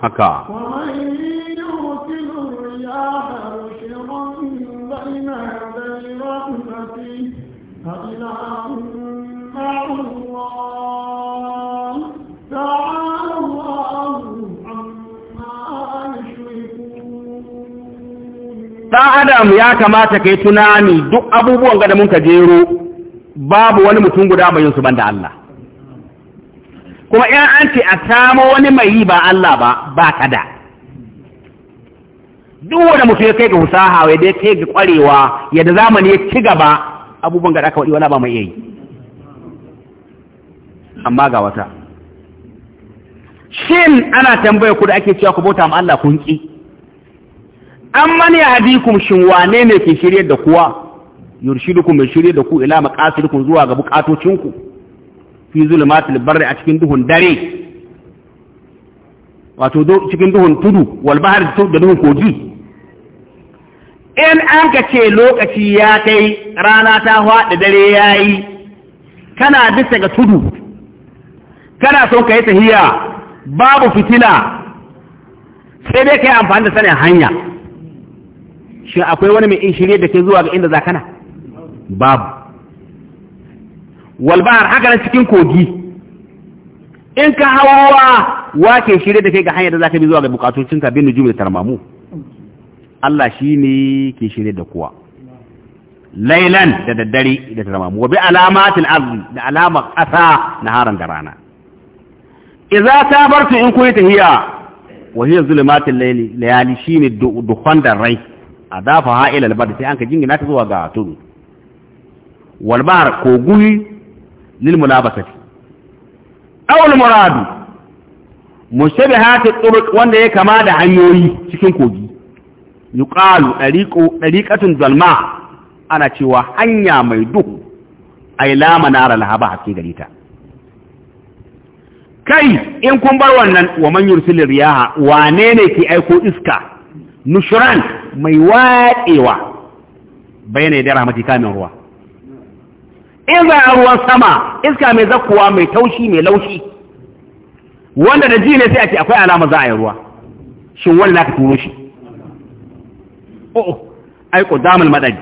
haka ɗan adam ya kamata ka yi tunani duk abubuwan gada mun ka jero babu wani mutum guda bayan su banda Allah kuma in an ce a samo wani mai yi ba Allah ba ba ka da duk wanda mutum ya kai ga husaha ya dai kai ga kwarewa yadda zamani ya ci gaba abubuwan ga aka waɗi wala ba mai yi amma ga wata shin ana tambaya ku da ake cewa ku bauta ma Allah kun ki an mani ya hadikum shin wane ne ke shirye da kuwa yurshidukum mai shirye da ku ila maqasidikum zuwa ga bukatocinku fi zulumatil barri a cikin duhun dare wato cikin duhun tudu wal bahar da duhun koji in an ka ce lokaci ya kai rana ta faɗi dare ya yi kana bisa ga tudu kana so ka yi tahiya babu fitila sai dai ka yi amfani da sanin hanya shi akwai wani mai in shirye da ke zuwa ga inda za kana babu walbahar haka na cikin kogi in ka hawa wake shirye da kai ga hanyar da za ka bi zuwa ga bukatocinka bin nujumi da tarmamu Allah shi ne ke shirye da kowa lailan da daddare da tarmamu wa bi alamatin arzi da alama ƙasa na haran da rana idza sabartu in kunta tahiya wa hiya zulumatul layli layali shine duhon da rai adafa ha ila albad sai an ka jingina ta zuwa ga tudu walbar kogui lil mulabasati aw al muradu mushabahat turuq wanda ya kama da hanyoyi cikin kogi yuqalu dariqu dariqatun zalma ana cewa hanya mai duhu ay la lahaba hakki garita kai in kun bar wannan wa man yursil riyaha wane ne ke aiko iska nushran mai waɗewa bayanai da rahmati kamin ruwa in za a ruwan sama iska mai zakkuwa mai taushi mai laushi wanda da ji ne sai a ce akwai alama za a yi ruwa shin wani na ka turo shi o'o oh, oh, ai qudamul madad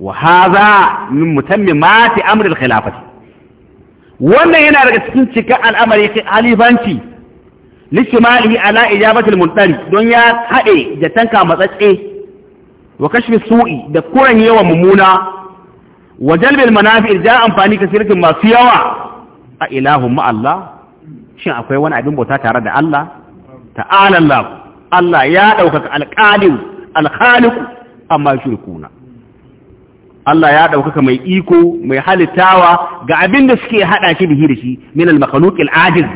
wa hadha min mutammimati amri al-khilafati wannan yana daga cikin cikin al'amari halifanci lishimalihi ala ijabatul muntari don ya haɗe da tanka matsatse wa kashfi su'i da kuran yawan mummuna wa jalbil manafi ja amfani kasiratin masu yawa a ilahun ma'allah shin akwai wani abin bauta tare da Allah ta'ala Allah Allah ya ɗaukaka alƙalim alkhaliku amma shirkuna Allah ya ɗaukaka mai iko mai halittawa ga abin da suke haɗa shi da shi min al-makhluq al-ajiz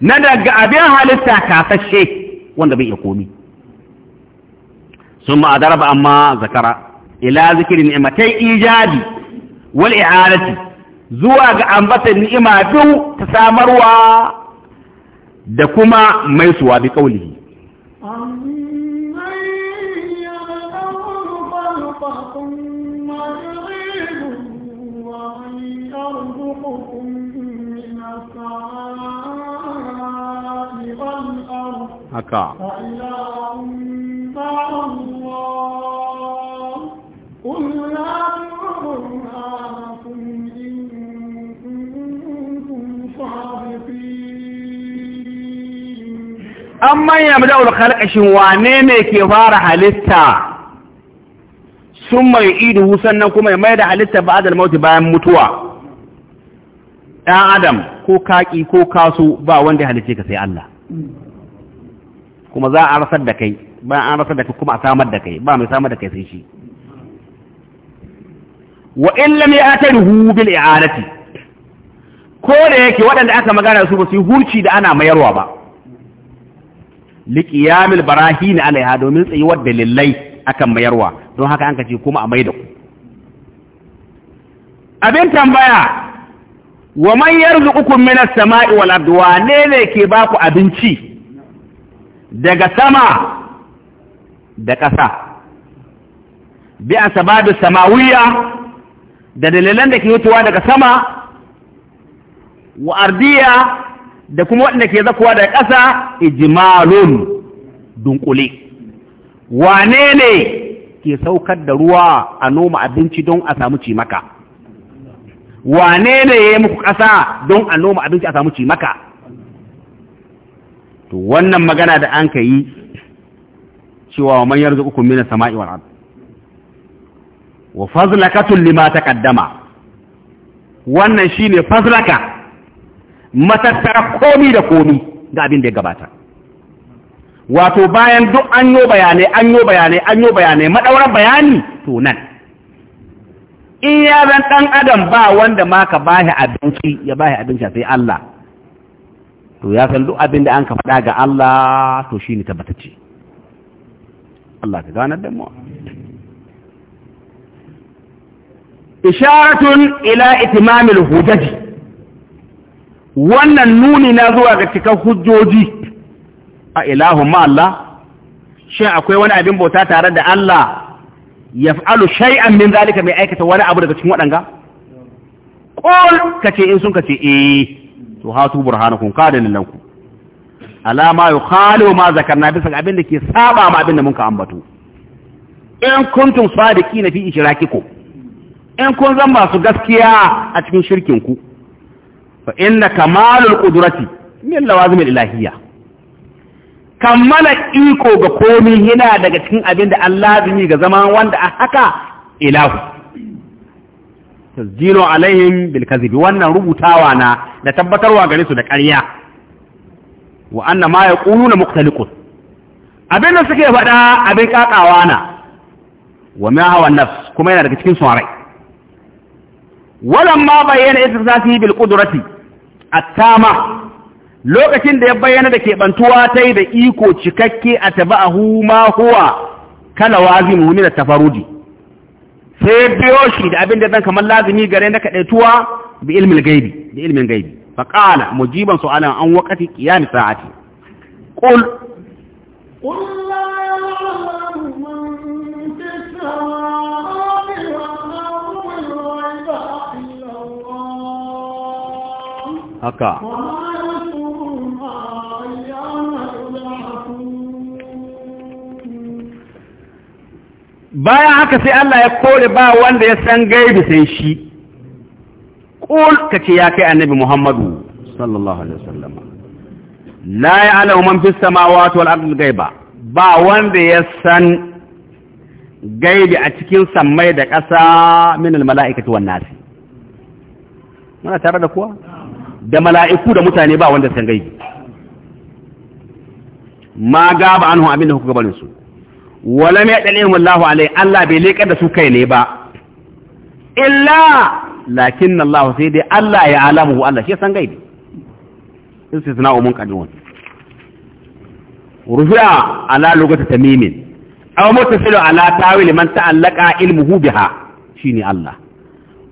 na daga abin halitta kasashe wanda bai iya komi sun ma'adara ba amma zakara ila zikirin ni'matai ijadi wal i'arati zuwa ga ambatan ni'ima duk ta samarwa da kuma maisuwa bi kaulihi haka an manya mu da'ul khalqashin wane ne ke fara halitta sun mai idu sannan kuma ya mai da halitta ba adal mauti bayan mutuwa ɗan adam ko kaki ko kasu ba wanda ya halice ka sai Allah kuma za a rasar da kai ba an rasar da kai kuma a samar da kai ba mai samar da kai sai shi wa in lam ya'tarihu bil i'adati ko da yake waɗanda aka magana su ba su hurci da ana mayarwa ba liqiyamil barahin alaiha domin tsayuwar dalilai akan mayarwa don haka an kace kuma a maida ku abin tambaya wa man yarzuqukum minas sama'i wal ardi ne ke ba ku abinci daga sama da ƙasa bi asbabu samawiyya da dalilan da ke mutuwa daga sama wa ardiya da kuma waɗanda ke zakuwa da ƙasa ijimalun dunkule wane ne ke saukar da ruwa a noma abinci don a samu cimaka wane ne ya yi muku ƙasa don a noma abinci a samu cimaka to wannan magana da an ka yi cewa wa manyar zukukun mina sama'i wal'ad wa fazlakatun lima ta ƙaddama wannan shine fazlaka matattara komi da komi ga abin da ya gabata wato bayan duk an yi bayanai an yi bayanai an yi bayanai madauran bayani to nan in ya zan dan adam ba wanda ma ka shi abinci ya shi abinci sai Allah to ya san duk abin da an ka faɗa ga Allah to shi ne tabbatacce Allah ka ganar da mu isharatun ila itimamil hujaji wannan nuni na zuwa ga cikan hujjoji a ilahun Allah shin akwai wani abin bauta tare da Allah ya fa'alu shai’an min zalika mai aikata wani abu daga cikin waɗanga? ƙol ka ce in sun ka ce eh to hatu burhanakun kadalin lanku alama yau khalo ma zakarna bisa ga abin da ke saba ma abin da mun ka ambatu in kuntum sadiki na fi ishirakiku in kun zan masu gaskiya a cikin shirkinku ku fa inna kamalul qudrati min lawazim ilahiyya kammala iko ga komi yana daga cikin abin da Allah zai ga zaman wanda a haka ilahu tasjilu alaihim bil kadhib wannan rubutawa na da tabbatarwa gare su da ƙarya wa anna ma yaquluna muqtaliqun abin da suke faɗa abin kakawa na wa ma hawa nafs kuma yana daga cikin son rai walamma bayyana istisnafi bil qudrati attama lokacin da ya bayyana da keɓantuwa ta yi da iko cikakke a taba a huma huwa kala wazimu muhimmi da tafarudi sai biyo shi da abin da zan kamar lazimi gare na kaɗaituwa bi ilmin gaibi da ilmin gaibi ƙala mujiban su'alan an waƙati ƙiyami sa'ati ƙul haka bayan haka sai Allah ya kore ba wanda ya san gaibi sai shi ƙul ka ya kai annabi Muhammadu sallallahu alaihi wasallam la ya'lamu man fis samawati wal ardi gaiba ba wanda ya san gaibi a cikin samai da ƙasa min al mala'ikati wan nasi muna tare da kuwa da mala'iku da mutane ba wanda san gaibi ma an anhu abin da kuka barin su wala mai dalilin wallahu alai Allah bai lekar da su kai ne ba illa lakin Allah sai dai Allah ya alamu Allah shi san gaibi istisna umun qadun A ala lugati tamimin aw mutasilu ala tawil man ta'allaqa ilmuhu biha shine Allah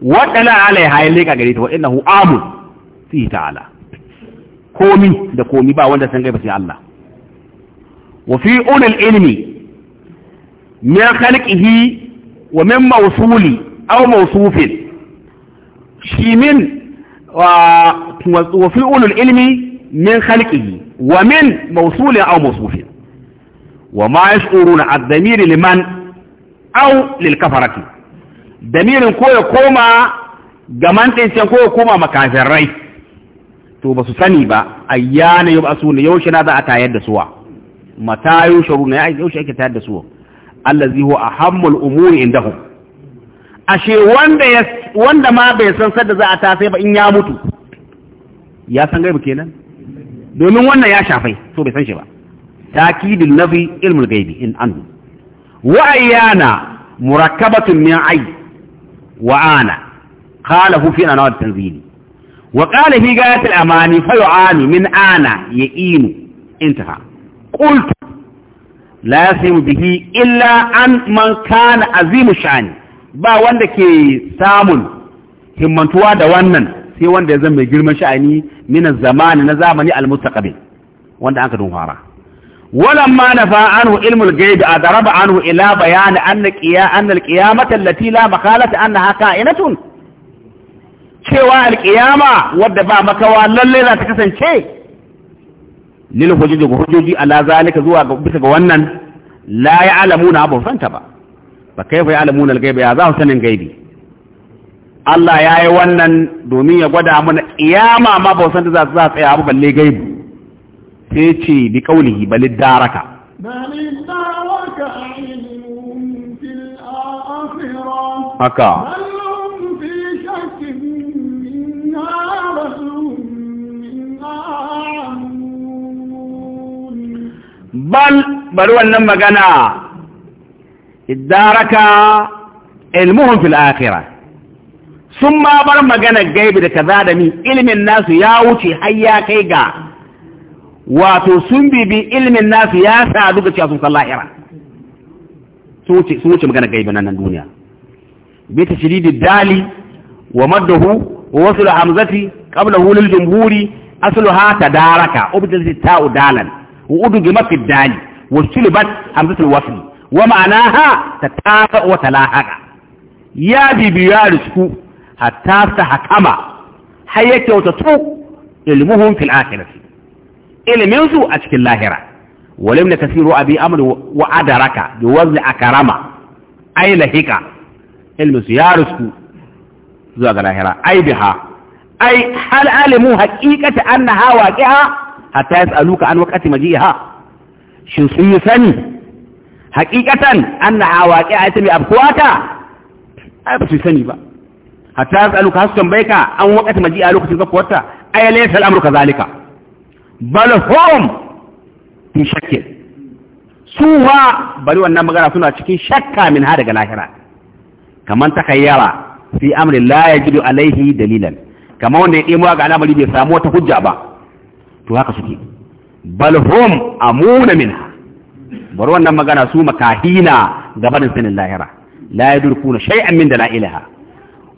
wa dala alaiha ya leƙa gare ta wa innahu amun fi ta'ala komi da komi ba wanda san gaiba sai Allah wa fi ulil ilmi min khalqihi wa min mawsuli aw mawsufin shi min wa fi ulil ilmi min khalqihi wa min mawsuli aw mawsufin wa ma yash'uruna ad-damir liman aw lil kafarati damirin ko ya koma ga mantin can ko ya koma makafirai to ba su sani ba ayyana yau asu ne yaushe na za a tayar da suwa mata yaushe yusharu ne yaushe ake tayar da suwa Allah allazi huwa ahammul umuri indahum ashe wanda ma bai san sadda za a ta sai ba in ya mutu ya san gaibu kenan domin wannan ya shafai so bai san shi ba takidul nafi ilmul gaibi in anhu wa ayyana murakkabatun min ayy wa ana qalahu fi anwa tanzili wa qala fi gayatil amani fa yu'anu min ana ya'inu intaha qult la yasimu bihi illa an man kana azimu sha'ani ba wanda ke samun himmantuwa da wannan sai wanda ya zama mai girman sha'ani min zamani na zamani al-mustaqbil wanda aka dun fara ولما نفى عنه علم الغيب أضرب عنه إلى بيان أن القيامة التي haka a ina tun? cewa alƙiyama wadda ba makawa lalle za ta kasance lil hujjoji ga hujjoji ala zalika zuwa ga bisa ga wannan la ya'lamuna ba fanta ba ba kai fa ya'lamuna al-ghaiba ya za su sanin gaibi Allah ya yi wannan domin ya gwada mana ƙiyama ma ba santa za su za tsaya abu balle gaibi sai ce bi ƙaunihi bali daraka haka bal bari wannan magana idaraka ilmuhun fil akhirah sun ma bar magana gaibi da kaza da mi ilmin nasu ya wuce har ya kai ga wato sun bibi ilmin nasu ya sadu ga cewa sun san sun wuce magana gaibi nan nan duniya bi tashridi dali wa maddahu wa da hamzati kabla lil jumhuri asluha daraka ubdil ta udalan. وأدن بما في الدال واجتلبت همزة الوصل ومعناها تتافق وتلاحق يا بيبي يا رسكو حتى تحكم حيك وتترك علمهم في الآخرة علمهم أشكال اللاهرة ولم كثير أبي أمر وأدرك بوزن أكرم أي لهك علم يا رسكو زوج اللاهرة أي بها أي هل علموا حقيقة أنها واقعة hatta yas'aluka an wakati waqati ha, shi sun yi sani Hakikatan an na haqiqatan a waqi'atu bi abqwata ai ba su sani ba hatta yas'aluka hasu tambaye ka an wakati waqati maji'iha lokacin zakkuwarta ai laysa al'amru zalika. bal hum fi shakkin suwa bari wannan magana suna cikin shakka min ha daga lahira kaman takayyara fi amrin la yajidu alaihi dalilan kamar wanda ya ɗemo ga al'amari bai samu wata hujja ba to haka suke bal hum amuna ha bar wannan magana su makahina gabanin sanin lahira la yadrukuna shay'an min dalailaha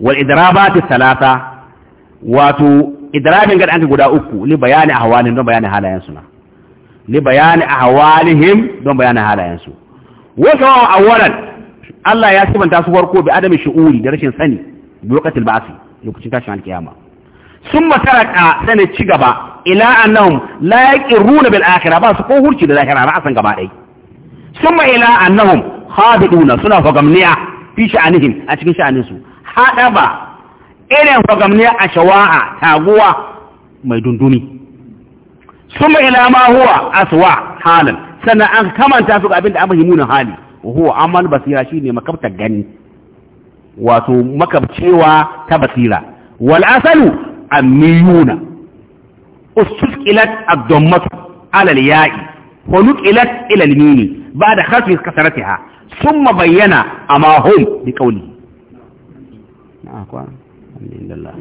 wal idrabat thalatha wato idrabin gad an guda uku li bayani ahwalin don bayani halayen su na li bayani ahwalihim don bayani halayen su wa sawa awwalan Allah ya sibanta su farko bi adami shu'uri da rashin sani bi waqtil ba'si lokacin tashin alkiyama summa taraka sana ci gaba ila annahum la yaqiruna bil akhirah ba su ko hurci da lahira ba san gaba dai summa ila annahum khabiduna suna fagamniya fi sha'anihim a cikin sha'anin su hadaba irin fagamniya a shawa'a taguwa mai dundumi summa ila ma huwa aswa halan sannan an kamanta su ga abin da abin himunan hali huwa amal basira shine makabtar gani wato makabcewa ta basira wal asalu amiyuna استثقلت الضمة على الياء ونقلت إلى الميم بعد خلف كسرتها ثم بين أما هم بقوله الحمد لله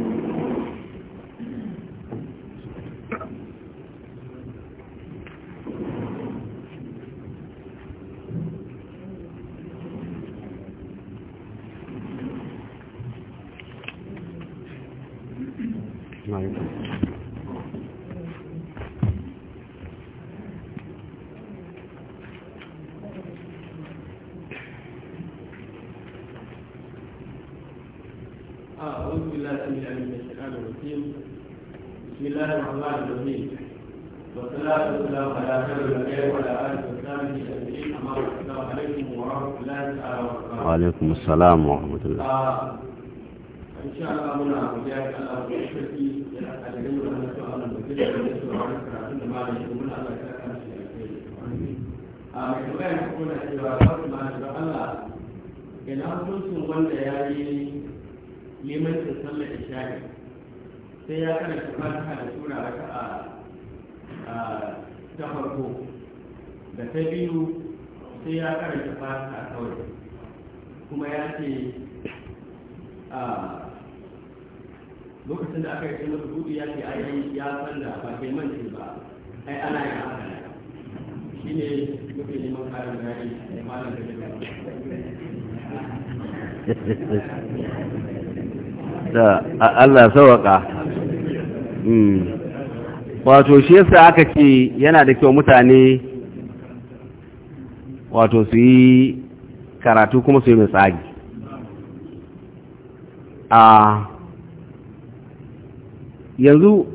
Thank you. وعليكم السلام ورحمة الله إن شاء الله منا وجاءك الله idan kun sun wanda ya yi limanci sallar isha'i sai ya kana shi fata da sura wata a ta farko da ta biyu sai ya karanta fata kawai kuma ya ce lokacin da aka yi sun rubutu ya ce yi ya san da ba ke manci ba ai ana yi haka shi ne muke neman karin gari da malam da da Allah sawaka hmm. wato shi yasa aka ce yana da kyau mutane wato su yi karatu kuma su yi mai tsagi a yanzu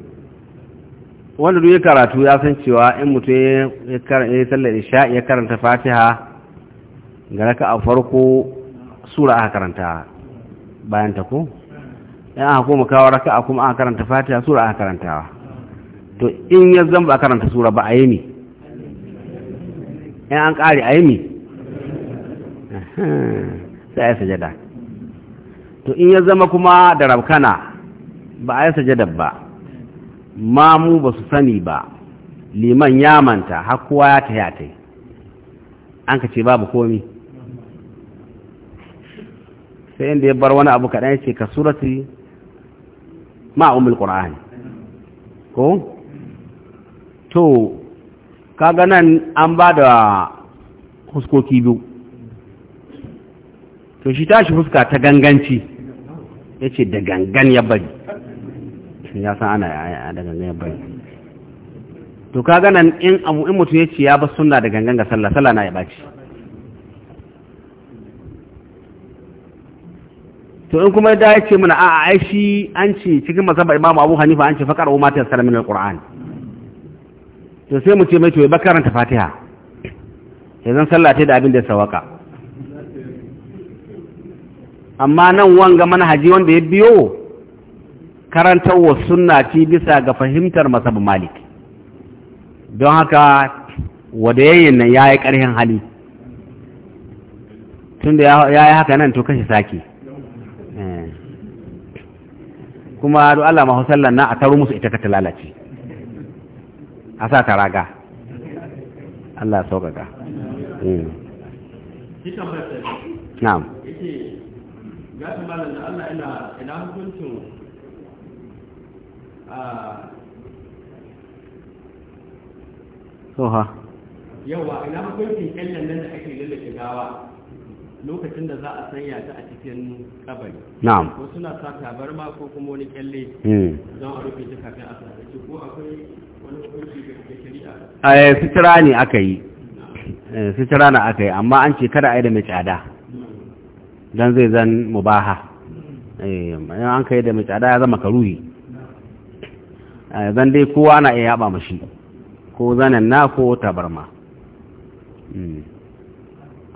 wanda duk ya karatu ya san cewa in mutum ya tsallar isha ya karanta fatiha ga raka a farko sura aka karanta bayan ta ko aka kuma kawo raka a kuma aka karanta fatiha sura aka karantawa to in ya zan ba karanta sura ba a yi mi in an ƙari a yi mi sai a sajada to in ya zama kuma da rabkana ba a yi sajada ba mamu ba su sani ba liman ya manta har kowa ya ta yata an ka ce babu komi sai inda ya bar wani abu kaɗan ya ce ka surati ma'umul ƙura'ani ko to kaga nan an ba da huskoki biyu to shi tashi fuska ta ganganci ya ce da gangan ya bari ya san ana ya da gangan ya bari to kaga nan in abu in mutum ya ce ya ba suna da gangan ga sallah sallah na ya baci to in kuma da ya ce mana a aishi an ce cikin masaba imamu abu hanifa an ce faƙar umatar salamin alƙur'ani to sai mu ce mai to ba karanta fatiha sai zan sallah da abin da sawaka amma nan wanga mana manhaji wanda ya biyo karantarwa sunna ci bisa ga fahimtar masab malik don haka wada yayin nan ya yi ƙarhin hali tun da ya yi haka nan to kashe sake eh. kuma Allah mahu sallan na a taru musu ita ka ta lalace a sa ta raga Allah sauƙaƙa hmm. na'am gasu da Allah ina ina hukuncin a soha yawa ina hukuncin nan da ake lallace gawa lokacin da za a sanya ta a cikin kabari na'am ko suna sa tabarma ko kuma wani kyalle hmm. don a rufe ta kafin a sarkace ko akwai wani hukunci da shari'a eh sutura ne aka yi eh, sutura na aka yi amma an ce kada a yi da mai tsada don zai zan mubaha eh an kai da mai tsada ya zama karuhi zan eh, dai kowa na iya yaba mashi ko zanen na ko tabarma hmm.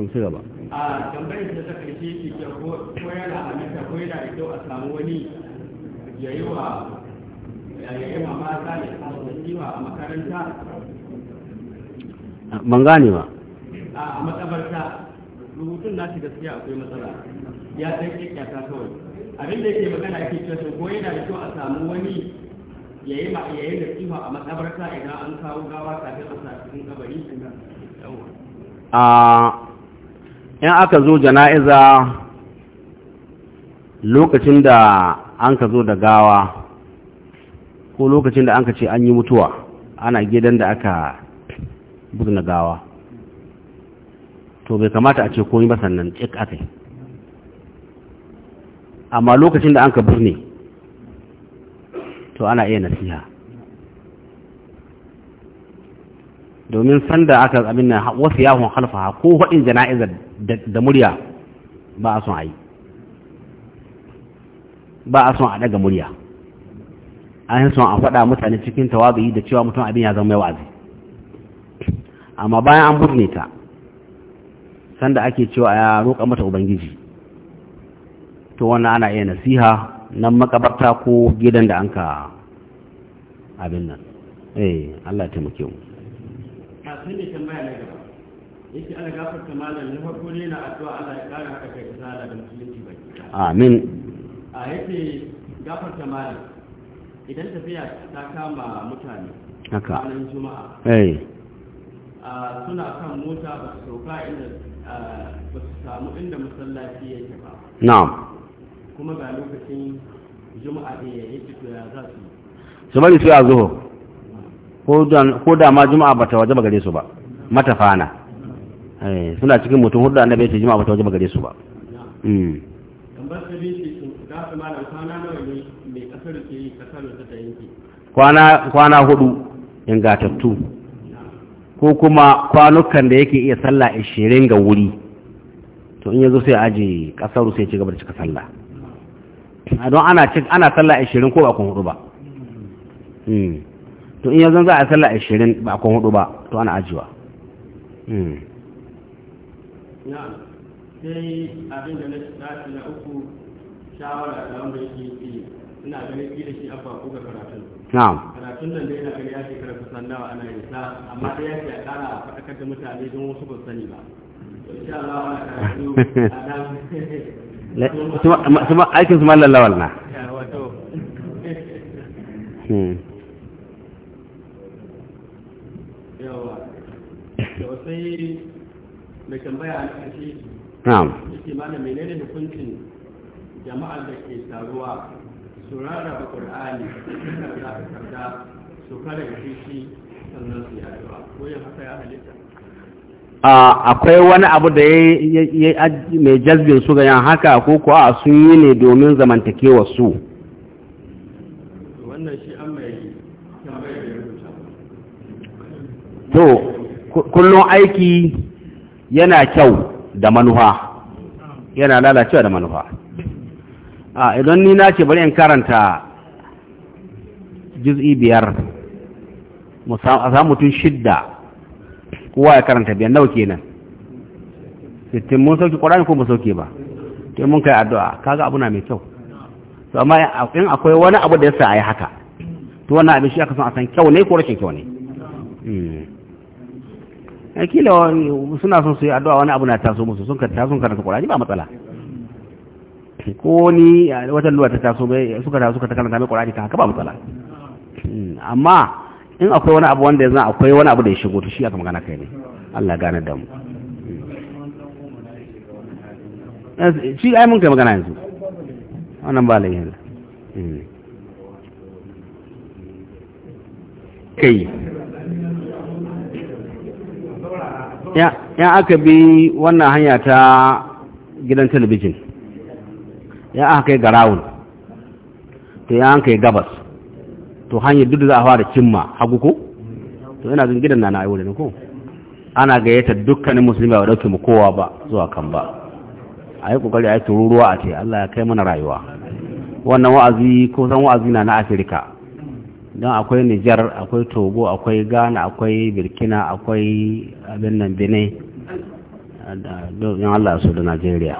sun ci gaba a tambayar da ta karshe ke ko da halitta ko yana da kyau a samu wani ya yi wa yayyawa mata ya samu nasiwa a makaranta ban gane ba a matsabarta rubutun nasu gaskiya akwai matsala ya san kyakkyata kawai abin da yake magana yake cewa ko yana da kyau a samu wani ya yi ma yayi da nasiha a matsabarta idan an kawo gawa kafin a sa cikin kabari a in aka zo jana'iza lokacin da an ka zo da gawa ko lokacin da an ka ce an yi mutuwa ana gidan da aka bugna gawa to bai kamata a ce komi ba sannan cik aka yi amma lokacin da an ka birni to ana iya nasiha domin sanda aka abin nan wasu yawon halfaha ko haɗin jana'izar da murya ba a son a yi ba a son a daga murya an son a faɗa mutane cikin tawabi da cewa mutum abin ya zama wa'azi amma bayan an burne ta sanda ake cewa ya roƙa mata ubangiji to wannan ana iya nasiha nan makabarta ko gidan da an ka abin nan eh Allah ya taimake mu sai da tambaya na gaba yake ana gafar ta malam na farko ne na addu'a Allah ya kara haka kai ta da musulunci baki amin a yake gafar ta malam idan tafiya ta kama mutane haka ranar juma'a eh a suna kan mota ba su sauka inda ba su samu inda masallaci yake ba na'am kuma ga lokacin juma'a ne yake yi ya za su su bari su ya zuho ko da ma juma'a bata waje ba gare su ba matafana eh, suna cikin mutum hudu annabi ya ce juma'a bata waje ba gare su ba kwana hudu ingatattu ko kuma kwanukan da yake iya sallah ishirin ga wuri to in yazo sai aje kasar sai ci gaba da cika sallah don ana ana sallah ishirin ko ba kun hudu ba hmm. to in yanzu za a sallah ashirin ba akwai hudu ba to ana ajiwa hmm. sai abin da na uku shawara da wanda yake yi ina ganin da shi abba ko ga karatun na'am karatun nan da ya shekara kusan nawa ana yin sa amma da ya ce a ƙara mutane don wasu ba sani ba insha Allah ana karatu a nan kuma aikin su mallan lawal na mai tambaya akwai wani abu da ya mai jazbin su ga yan haka ko kuwa sun yi ne domin zamantakewa su to kullum aiki yana kyau da manuha yana lalacewa da manuha a idan ni na ce bari in karanta juz'i biyar a samu mutum shidda kowa ya karanta biyar nau kenan sittin mun sauki ƙwararri ko mun sauke ba ke mun kai addu'a kaga abu na mai kyau su amma in akwai wani abu da ya sa a yi haka to wani abin shi aka san a san kyau ne ko rashin kyau ne hmm. kila suna son su yi addu'a wani abu na taso musu sun karta sun karanta kurani ba matsala ko ni wata luwa ta taso bai suka taso suka karanta mai kurani kan haka ba matsala amma in akwai wani abu wanda zan akwai wani abu da ya shigo to shi aka magana kai ne Allah gane da mu shi ai mun kai magana yanzu wannan ba lai yanzu hmm. kai ya aka bi wannan hanya ta gidan talabijin ya aka kai garawun to ya aka kai gabas to hanyar duk da za a fara cimma hagu ko to yana zin gidan na na ko ana gayyata dukkanin musulmi ba dauke mu kowa ba zuwa kan ba a yi kokari a yi tururuwa a ce Allah ya kai mana rayuwa wannan wa'azi ko san wa'azi na na Afirka don akwai nijar akwai togo akwai ghana akwai birkina akwai abin nan benin da don allah su da nigeria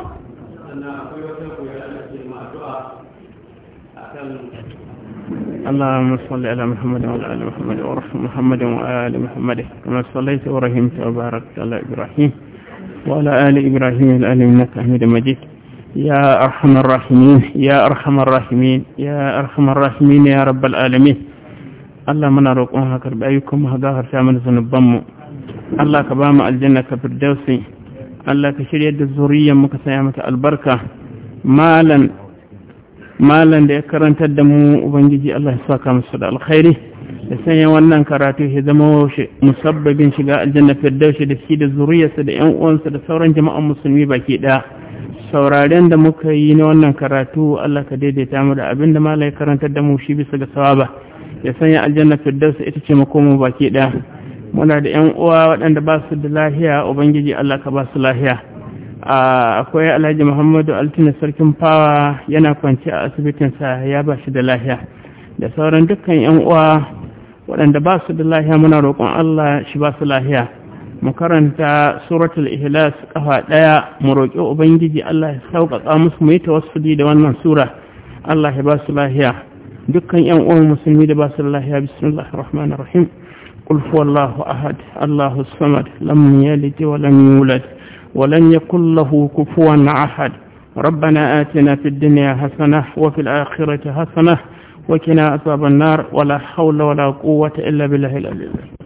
اللهم صل على محمد وعلى ال محمد وارحم محمد وال محمد كما صليت ورحمت وباركت على ابراهيم وعلى ال ابراهيم الان انك حميد مجيد يا أرحم الراحمين يا أرحم الراحمين يا أرحم الراحمين يا رب العالمين Allah muna roƙon haka da ayyukanmu mu haga mana zunuban mu Allah ka ba mu aljanna ka firdausi Allah ka shirya da zuriyar muka saya mata albarka malan malan da ya karanta da mu ubangiji Allah ya saka masa da alkhairi da sanya wannan karatu ya zama musabbabin shiga aljanna firdausi da shi da zuriyarsa da 'yan uwansa da sauran jama'an musulmi baki ɗaya sauraren da muka yi na wannan karatu Allah ka daidaita mu da abinda Malam malai karantar da mu shi bisa ga sawaba ya sanya aljanna firdaus ita ce makomin baki ɗaya muna da yan uwa waɗanda ba su da lahiya ubangiji Allah ka ba su lahiya akwai alhaji muhammadu altina sarkin fawa yana kwance a asibitinsa ya ba shi da lahiya da sauran dukkan yan uwa waɗanda ba su da lahiya muna roƙon Allah shi ba su lahiya mu karanta suratul ihlas kafa ɗaya, mu roƙi ubangiji Allah ya sauƙaƙa musu mu yi tawassuli da wannan sura Allah ya ba su lahiya بكن يوم أول مسلمي دباس الله يا بسم الله الرحمن الرحيم قل هو الله أحد الله الصمد لم يلد ولم يولد ولن يكن له كفوا أحد ربنا آتنا في الدنيا حسنة وفي الآخرة حسنة وكنا أصاب النار ولا حول ولا قوة إلا بالله العلي العظيم